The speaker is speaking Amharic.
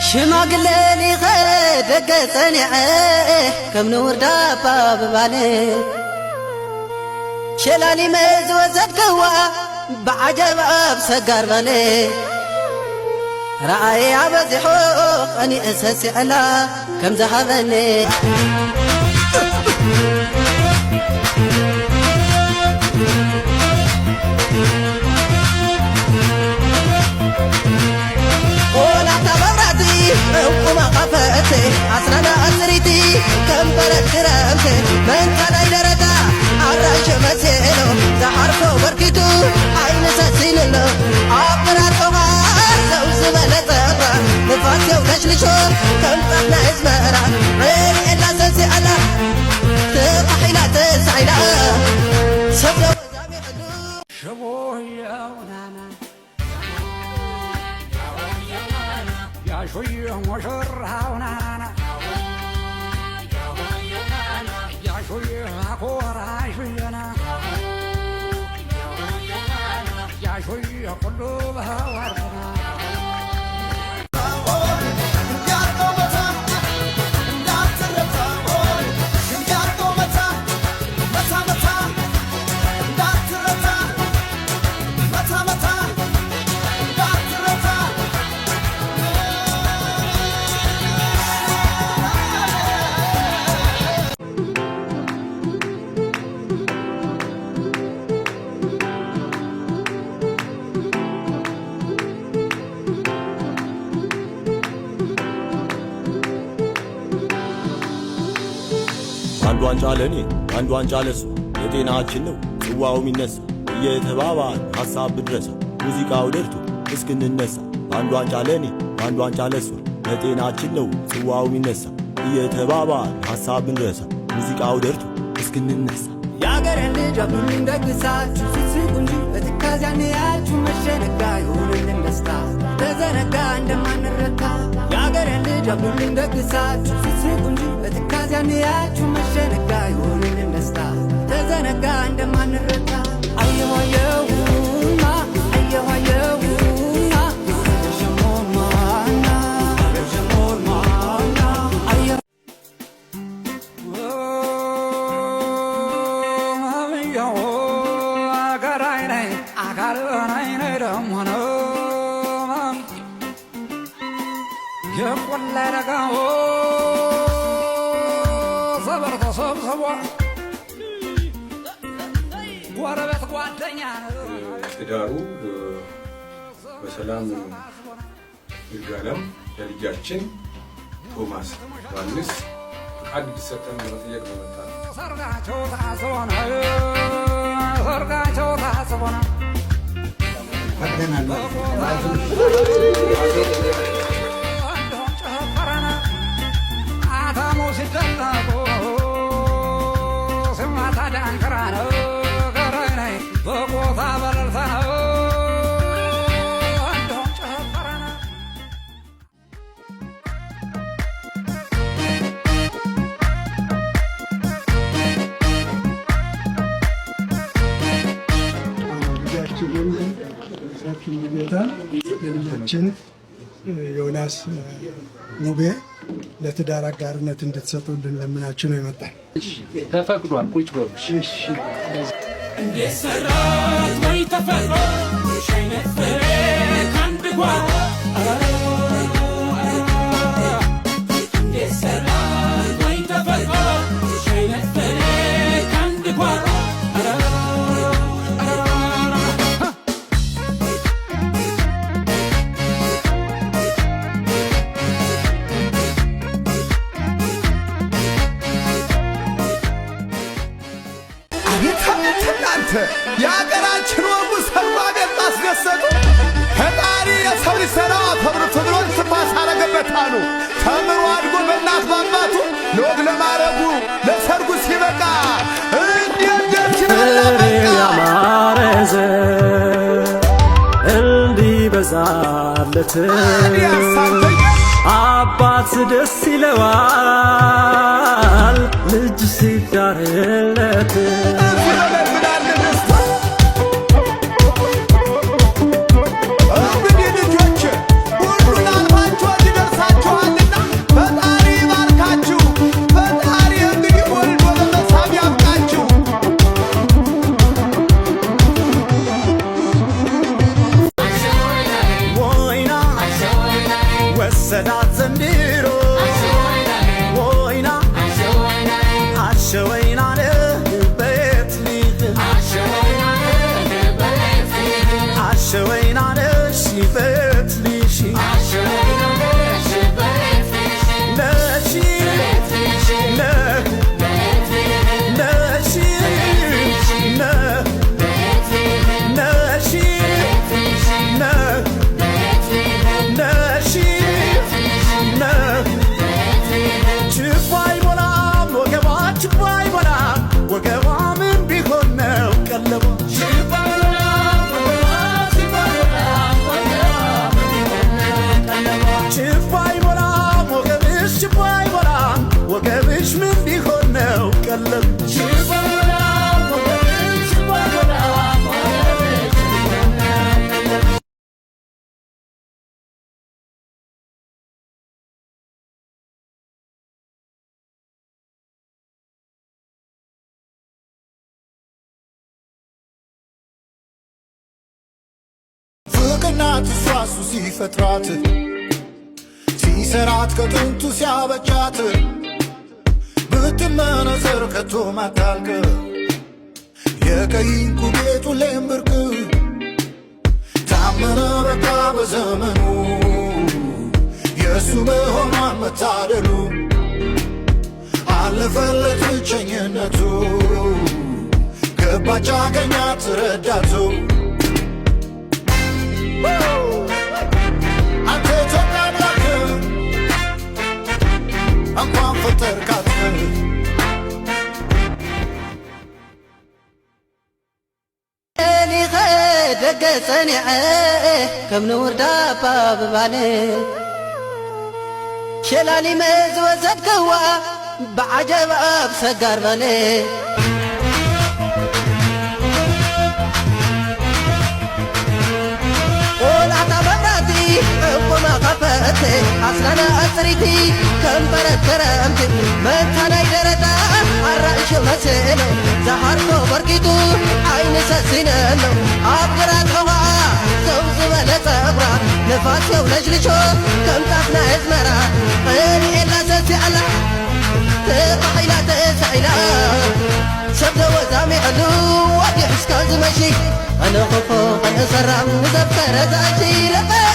شماغلني غير قصني عيه كم نور دابا ببالي شلالي ميز وزد قوة بعجب بسقر بالي رأي عبزي حوق أني أساسي على كم ذهبني كرامت من كان درجة عراش مسيلو زحرف بركتو عين سسيلو عبرات وغار لو زمن طغى نفاتي ونجلشو كم طحنا ازمارا غير إلا سنسي أنا تضحينا تسعينا صفر وزامي حلو شبويا ونانا يا شويه وشرها ونانا Foi a coragem, Ana. Já foi a coragem, Ana. አንዱ ዋንጫ ለእኔ አንዱ ዋንጫ ለሱ የጤናችን ነው ጽዋው የሚነሳ እየተባባል ሐሳብ ብድረሰው ሙዚቃው ደርቶ እስክንነሳ አንዱ ዋንጫ ለእኔ አንዱ ዋንጫ ለሱ ለጤናችን ነው ጽዋው የሚነሳ እየተባባል ሐሳብ ብንረሰው ሙዚቃው ደርቶ እስክንነሳ የአገር ልጅ አብሉኝ ደግሳችሁ ሲስቁ እንጂ በትካዜ ያንያችሁ መሸነጋ ይሁንልን ደስታ ተዘነጋ እንደማንረታ የአገር ልጅ አብሉኝ ደግሳችሁ ሲስቁ እንጂ በትካዜ ያንያችሁ ለነጋሆ ሰበር ተሰብስቧል። ጎረቤት ጓደኛ ትዳሩ በሰላም ይርጋለም። ለልጃችን ቶማስ ዮሐንስ ፈቃድ እንዲሰጠን ለመጠየቅ ነው ሰርጋቸው ታስቦና ሰርጋቸው አባታችን ዮናስ ሙቤ ለትዳር አጋርነት እንድትሰጡልን ለምናችሁ ነው ይመጣል። ተፈቅዷል። ቁጭ በሉ። ሰራት ወይ ተፈጥሮ ሽ ፍሬ ከአንድ ጓ እናንተ የአገራችን ወጉ ሰርባ ቤት አስደሰቱ። ፈጣሪ የሰው ልጅ ሠራው አፈብርቶ ብሎ ትፋስ አረገበት አሉ። ተምሮ አድጎ በእናት ባባቱ ለወግ ለማረጉ ለሰርጉ ሲበቃ ያማረዘ እንዲበዛለት አባት ደስ ይለዋል ልጅ ሲዳርለት ናት እሷ እሱ ሲፈጥራት ሲሰራት ከጥንቱ ሲያበጃት ብትመነዘር ከቶ ማታልቅ የቀይንኩ ጌጡ ሌምብርቅ ታመነ በቃ በዘመኑ የእሱ መሆኗን መታደሉ አለፈለት ብቸኝነቱ ገባቻ ገኛ ትረዳቱ ደገ ጸኒዐ ከም ንውርዳ ባብባነ ሸላሊመ ዝወሰድክዋ ብዓጀብ ኣብ ሰጋር አስራና አስሪቲ ከንበረከረምት መታናይ ደረታ አራእሽ መስእነ ዘሃርቶ በርቂጡ ዓይኒ ሰሲነሎ ኣብ ግራት ኸዋ ሰው ዝበለ ጸጉራ ንፋስ የውለጅልሾ ከምጣፍና እዝመራ እንኤላ ሰሲኣላ ተባሂላ ተሳኢላ شبنا وزامي علو وادي حسكان زمشي أنا خفو أنا سرام